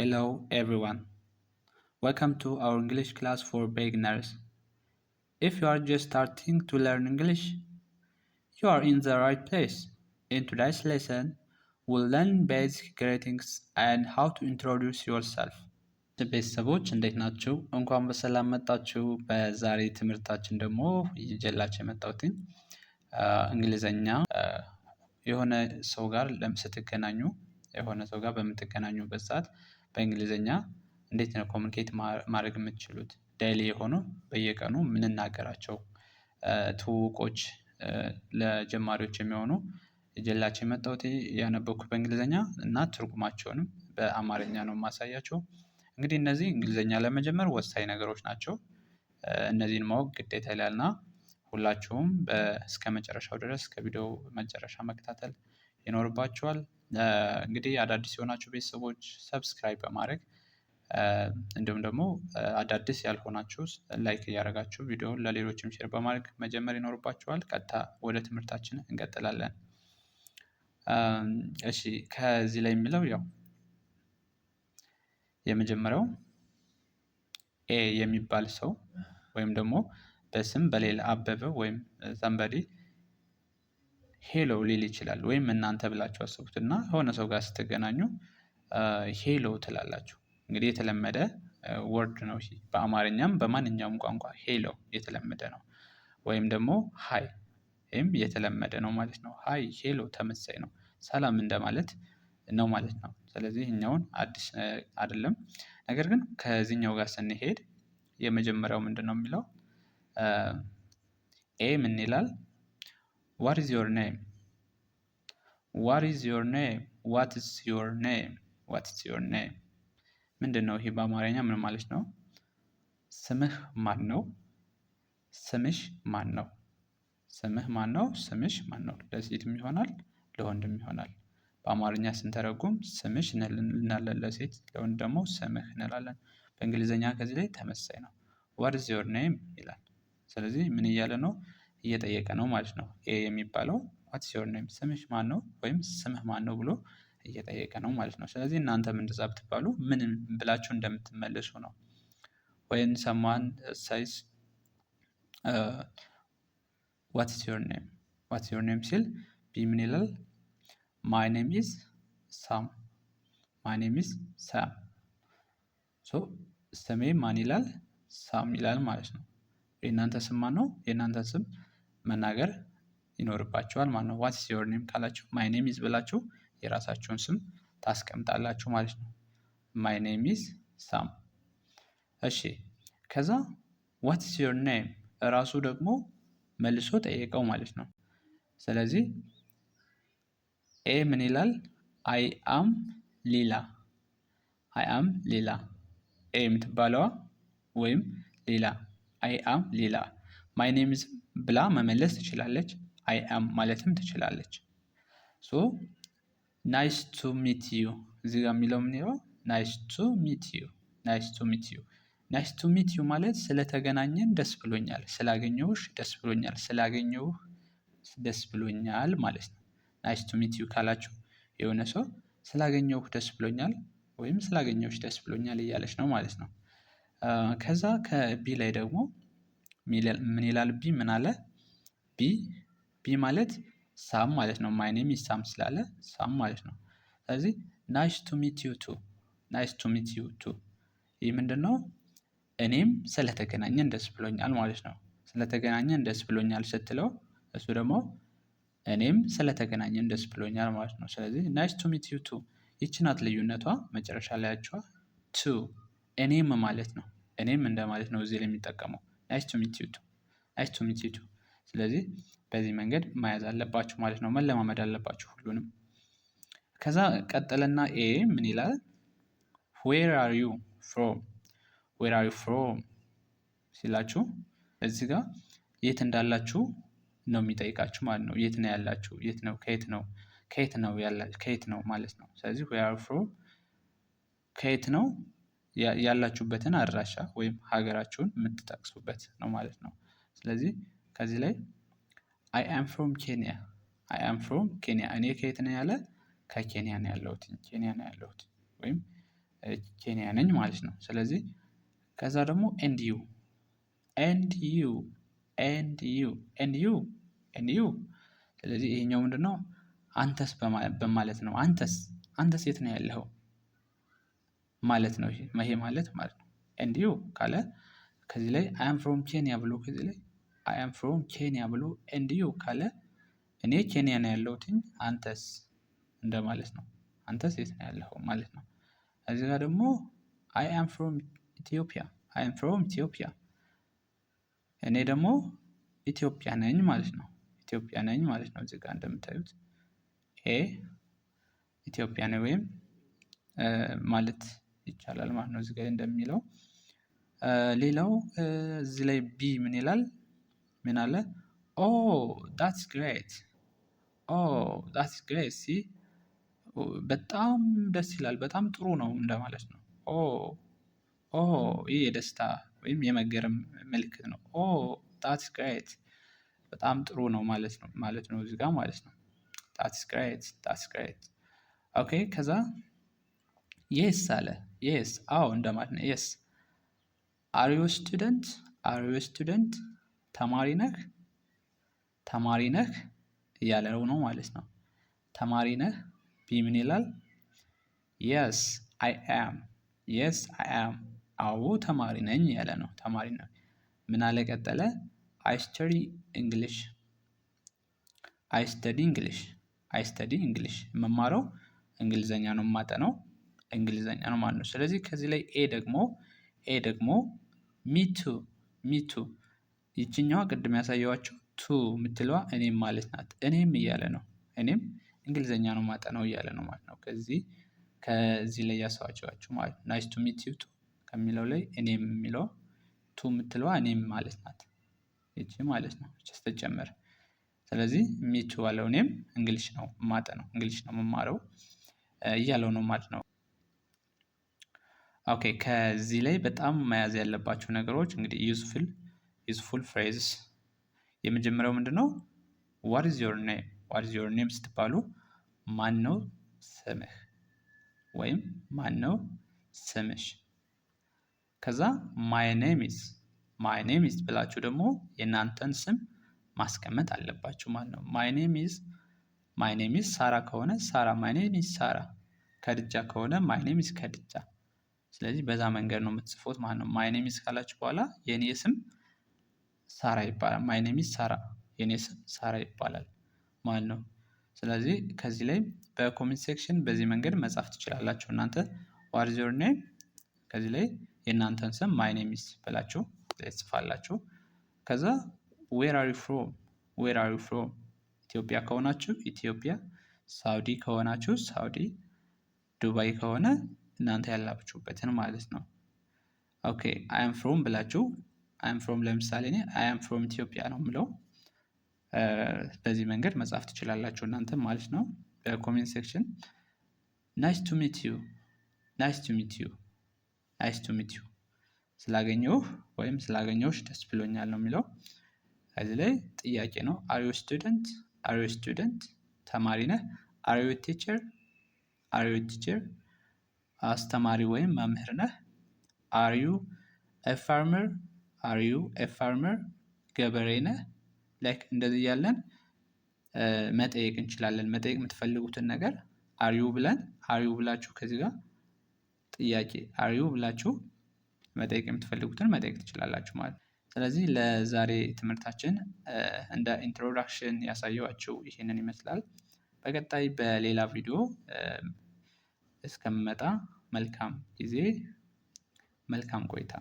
Hello everyone. Welcome to our English class for beginners. If you are just starting to learn English, you are in the right place. In today's lesson, we'll learn basic greetings and how to introduce yourself. ቤተሰቦች እንዴት ናችሁ? እንኳን በሰላም መጣችሁ። በዛሬ ትምህርታችን ደግሞ ይጀላችሁ የመጣሁትን እንግሊዘኛ የሆነ ሰው ጋር ስትገናኙ የሆነ ሰው ጋር በምትገናኙበት ሰዓት በእንግሊዘኛ እንዴት ነው ኮሚኒኬት ማድረግ የምትችሉት ዳይሊ የሆኑ በየቀኑ የምንናገራቸው ትውውቆች ለጀማሪዎች የሚሆኑ ጀላቸው የመጣሁት ያነበብኩት በእንግሊዘኛ እና ትርጉማቸውንም በአማርኛ ነው የማሳያቸው። እንግዲህ እነዚህ እንግሊዘኛ ለመጀመር ወሳኝ ነገሮች ናቸው። እነዚህን ማወቅ ግዴታ ይላል ሁላችሁም እስከ መጨረሻው ድረስ ከቪዲዮ መጨረሻ መከታተል ይኖርባችኋል እንግዲህ አዳዲስ የሆናችሁ ቤተሰቦች ሰብስክራይብ በማድረግ እንዲሁም ደግሞ አዳዲስ ያልሆናችሁ ላይክ እያደረጋችሁ ቪዲዮውን ለሌሎችም ሼር በማድረግ መጀመር ይኖርባችኋል። ቀጥታ ወደ ትምህርታችን እንቀጥላለን። እሺ ከዚህ ላይ የሚለው ያው የመጀመሪያው ኤ የሚባል ሰው ወይም ደግሞ በስም በሌላ አበበ ወይም ዘንበዴ ሄሎ ሊል ይችላል። ወይም እናንተ ብላችሁ አስቡት እና ከሆነ ሰው ጋር ስትገናኙ ሄሎ ትላላችሁ። እንግዲህ የተለመደ ወርድ ነው። በአማርኛም በማንኛውም ቋንቋ ሄሎ የተለመደ ነው። ወይም ደግሞ ሀይ ወይም የተለመደ ነው ማለት ነው። ሀይ ሄሎ ተመሳይ ነው። ሰላም እንደማለት ነው ማለት ነው። ስለዚህ እኛውን አዲስ አይደለም። ነገር ግን ከዚህኛው ጋር ስንሄድ የመጀመሪያው ምንድነው የሚለው? ኤ ምን ይላል ዋት ኢዝ ዮር ኔም ዋት ኢዝ ዮር ኔም ዋት ኢዝ ዮር ኔም ዋት ኢዝ ዮር ኔም ምንድን ነው ይሄ በአማርኛ ምን ማለት ነው? ስምህ ማን ነው? ስምሽ ማን ነው? ስምህ ማን ነው? ስምሽ ማን ነው? ለሴትም ይሆናል ለወንድም ይሆናል። በአማርኛ ስንተረጉም ስምሽ እንላለን ለሴት፣ ለወንድ ደግሞ ስምህ እንላለን። በእንግሊዝኛ ከዚህ ላይ ተመሳይ ነው። ዋት ኢዝ ዮር ኔም ይላል። ስለዚህ ምን እያለ ነው? እየጠየቀ ነው ማለት ነው። ኤ የሚባለው ዋትስ ዮር ኔም ስምሽ ማን ነው ወይም ስምህ ማን ነው ብሎ እየጠየቀ ነው ማለት ነው። ስለዚህ እናንተም እንደዛ ብትባሉ ምን ብላችሁ እንደምትመልሱ ነው። ወይን ሰማን ሳይስ ዋትስ ዮር ኔም ዋትስ ዮር ኔም ሲል ቢ ምን ይላል? ማይ ኔም ኢዝ ሳም ማይ ኔም ኢዝ ሳም ሶ ስሜ ማን ይላል? ሳም ይላል ማለት ነው። የእናንተ ስም ማን ነው? የእናንተ ስም መናገር ይኖርባቸዋል ማለት ነው። ዋትስ ዮር ኔም ካላችሁ ማይ ኔም ኢዝ ብላችሁ የራሳችሁን ስም ታስቀምጣላችሁ ማለት ነው። ማይ ኔም ኢዝ ሳም። እሺ ከዛ ዋትስ ዮር ኔም እራሱ ደግሞ መልሶ ጠየቀው ማለት ነው። ስለዚህ ኤ ምን ይላል? አይ አም ሊላ፣ አይ አም ሊላ። ኤ የምትባለዋ ወይም ሊላ፣ አይ አም ሊላ። ማይ ኔም ኢዝ ብላ መመለስ ትችላለች። አይ አም ማለትም ትችላለች። ሶ ናይስ ቱ ሚት ዩ እዚህ ጋር የሚለው ምን ይለው ናይስ ቱ ሚት ዩ ናይስ ቱ ሚት ዩ ናይስ ቱ ሚት ዩ ማለት ስለተገናኘን ደስ ብሎኛል፣ ስላገኘሁሽ ደስ ብሎኛል፣ ስላገኘሁህ ደስ ብሎኛል ማለት ነው። ናይስ ቱ ሚት ዩ ካላችሁ የሆነ ሰው ስላገኘሁህ ደስ ብሎኛል ወይም ስላገኘሁሽ ደስ ብሎኛል እያለች ነው ማለት ነው። ከዛ ከቢ ላይ ደግሞ ምን ይላል? ቢ ምን አለ? ቢ ቢ ማለት ሳም ማለት ነው። ማይ ኔም ኢዝ ሳም ስላለ ሳም ማለት ነው። ስለዚህ ናይስ ቱ ሚት ዩ ቱ ናይስ ቱ ሚት ዩ ቱ ይህ ምንድን ነው? እኔም ስለተገናኘን ደስ ብሎኛል ማለት ነው። ስለተገናኘን ደስ ብሎኛል ስትለው እሱ ደግሞ እኔም ስለተገናኘን ደስ ብሎኛል ማለት ነው። ስለዚህ ናይስ ቱ ሚት ዩ ቱ ይችናት ልዩነቷ መጨረሻ ላያቸዋ ቱ እኔም ማለት ነው። እኔም እንደማለት ነው እዚህ ላይ የሚጠቀመው ናይስ ቱ ሚት ዩ ቱ ናይስ ቱ ሚት ዩ ቱ። ስለዚህ በዚህ መንገድ መያዝ አለባችሁ ማለት ነው። መለማመድ አለባችሁ ሁሉንም። ከዛ ቀጠለና ኤ ምን ይላል? ዌር አር ዩ ፍሮም ዌር አር ዩ ፍሮም ሲላችሁ እዚህ ጋር የት እንዳላችሁ ነው የሚጠይቃችሁ ማለት ነው። የት ነው ያላችሁ? የት ነው ከየት ነው ከየት ነው ያላችሁ ከየት ነው ማለት ነው። ስለዚህ ዌር አር ዩ ፍሮም ከየት ነው ያላችሁበትን አድራሻ ወይም ሀገራችሁን የምትጠቅሱበት ነው ማለት ነው። ስለዚህ ከዚህ ላይ አይ አም ፍሮም ኬንያ፣ አይ አም ፍሮም ኬንያ፣ እኔ ከየት ነው ያለ ከኬንያ ነው ያለሁት፣ ኬንያ ነው ያለሁት ወይም ኬንያ ነኝ ማለት ነው። ስለዚህ ከዛ ደግሞ ኤንድ ዩ ኤንድ ዩ ኤንድ ዩ ኤንድ ዩ ኤንድ ዩ። ስለዚህ ይሄኛው ምንድን ነው? አንተስ በማለት ነው። አንተስ አንተስ የት ነው ያለኸው ማለት ነው። ይሄ ማለት ማለት ነው። እንዲሁ ካለ ከዚህ ላይ አይ አም ፍሮም ኬንያ ብሎ ከዚህ ላይ አይ አም ፍሮም ኬንያ ብሎ እንዲሁ ካለ እኔ ኬንያ ነው ያለሁትኝ አንተስ እንደማለት ነው። አንተስ የት ነው ያለኸው ማለት ነው። እዚህ ጋር ደግሞ አይ አም ፍሮም ኢትዮጵያ አይ አም ፍሮም ኢትዮጵያ እኔ ደግሞ ኢትዮጵያ ነኝ ማለት ነው። ኢትዮጵያ ነኝ ማለት ነው። እዚህ ጋር እንደምታዩት ኤ ኢትዮጵያ ነኝ ወይም ማለት ይቻላል ማለት ነው። እዚህ ጋር እንደሚለው ሌላው እዚህ ላይ ቢ ምን ይላል? ምን አለ? ኦ ዳትስ ግሬት ኦ ዳትስ ግሬት ሲ በጣም ደስ ይላል፣ በጣም ጥሩ ነው እንደማለት ነው። ኦ ኦ ይህ የደስታ ወይም የመገረም ምልክት ነው። ኦ ዳትስ ግሬት በጣም ጥሩ ነው ማለት ነው ማለት ነው እዚህ ጋር ማለት ነው። ዳትስ ግሬት ዳትስ ግሬት ኦኬ ከዛ የስ አለ የስ አዎ እንደማለት ነው። የስ አር ዩ ስቱደንት አር ዩ ስቱደንት ተማሪ ነህ ተማሪ ነህ እያለው ነው ማለት ነው። ተማሪ ነህ ቢ ምን ይላል? የስ አይ አም የስ አይ አም አዎ ተማሪ ነኝ ያለ ነው። ተማሪ ነህ ምን አለ ቀጠለ? አይ ስተዲ እንግሊሽ አይ ስተዲ እንግሊሽ አይ ስተዲ እንግሊሽ የምማረው እንግሊዘኛ ነው የማጠነው እንግሊዘኛ ነው ማለት ነው። ስለዚህ ከዚህ ላይ ኤ ደግሞ ኤ ደግሞ ሚቱ ሚቱ ይችኛዋ ቅድም ያሳየዋቸው ቱ የምትለዋ እኔም ማለት ናት። እኔም እያለ ነው እኔም እንግሊዘኛ ነው ማጠናው እያለ ነው ማለት ነው። ከዚህ ከዚህ ላይ ያሳዋቸዋቸው ማለት ነው። ናይስ ቱ ሚት ዩ ቱ ከሚለው ላይ እኔም የሚለው ቱ የምትለዋ እኔም ማለት ናት። ይቺ ማለት ነው ስተጨመር። ስለዚህ ሚቱ አለው እኔም እንግሊሽ ነው ማጠ ነው እንግሊሽ ነው መማረው እያለው ነው ማለት ነው። ኦኬ ከዚህ ላይ በጣም መያዝ ያለባቸው ነገሮች እንግዲህ ዩዝፉል ዩዝፉል ፍሬዝስ የመጀመሪያው ምንድን ነው? ዋት ኢዝ ዮር ኔም ዋት ኢዝ ዮር ኔም ስትባሉ ማን ነው ስምህ ወይም ማን ነው ስምሽ። ከዛ ማይ ኔሚስ ማይ ኔሚስ ብላችሁ ደግሞ የእናንተን ስም ማስቀመጥ አለባችሁ ማለት ነው። ማይ ኔሚስ ማይ ኔሚስ ሳራ ከሆነ ሳራ ማይ ኔሚስ ሳራ፣ ከድጃ ከሆነ ማይ ኔሚስ ከድጃ ስለዚህ በዛ መንገድ ነው የምትጽፉት ማለት ነው። ማይ ኔም ኢዝ ካላችሁ በኋላ የእኔ ስም ሳራ ይባላል። ማይ ኔም ኢዝ ሳራ፣ የእኔ ስም ሳራ ይባላል ማለት ነው። ስለዚህ ከዚህ ላይ በኮሜንት ሴክሽን በዚህ መንገድ መጻፍ ትችላላችሁ እናንተ ዋር ዮር ኔም፣ ከዚህ ላይ የእናንተን ስም ማይ ኔም ኢዝ ብላችሁ ትጽፋላችሁ። ከዛ ዌር አር ዩ ፍሮም፣ ዌር አር ዩ ፍሮም፣ ኢትዮጵያ ከሆናችሁ ኢትዮጵያ፣ ሳውዲ ከሆናችሁ ሳውዲ፣ ዱባይ ከሆነ እናንተ ያላችሁበትን ማለት ነው። ኦኬ አይም ፍሮም ብላችሁ አይ አም ፍሮም ለምሳሌ እኔ አይም ፍሮም ኢትዮጵያ ነው የምለው። በዚህ መንገድ መጻፍ ትችላላችሁ እናንተ ማለት ነው። በኮሜንት ሴክሽን ናይስ ቱ ሚት ዩ፣ ናይስ ቱ ሚት ዩ፣ ናይስ ቱ ሚት ዩ፣ ስላገኘሁህ ወይም ስላገኘሁሽ ደስ ብሎኛል ነው የሚለው። እዚህ ላይ ጥያቄ ነው። አሪዮ ስቱደንት፣ አሪዮ ስቱደንት፣ ተማሪ ነህ። አር ዩ ቲቸር፣ አሪዮ ቲቸር አሪዮ ቲቸር አስተማሪ ወይም መምህር ነህ? አር ዩ ኤ ፋርመር? አር ዩ ኤ ፋርመር? ገበሬ ነህ? ላይክ እንደዚህ እያለን መጠየቅ እንችላለን። መጠየቅ የምትፈልጉትን ነገር አር ዩ ብለን አር ዩ ብላችሁ ከዚህ ጋር ጥያቄ አር ዩ ብላችሁ መጠየቅ የምትፈልጉትን መጠየቅ ትችላላችሁ ማለት ስለዚህ ለዛሬ ትምህርታችን እንደ ኢንትሮዳክሽን ያሳየኋችሁ ይህንን ይመስላል። በቀጣይ በሌላ ቪዲዮ እስከምመጣ መልካም ጊዜ፣ መልካም ቆይታ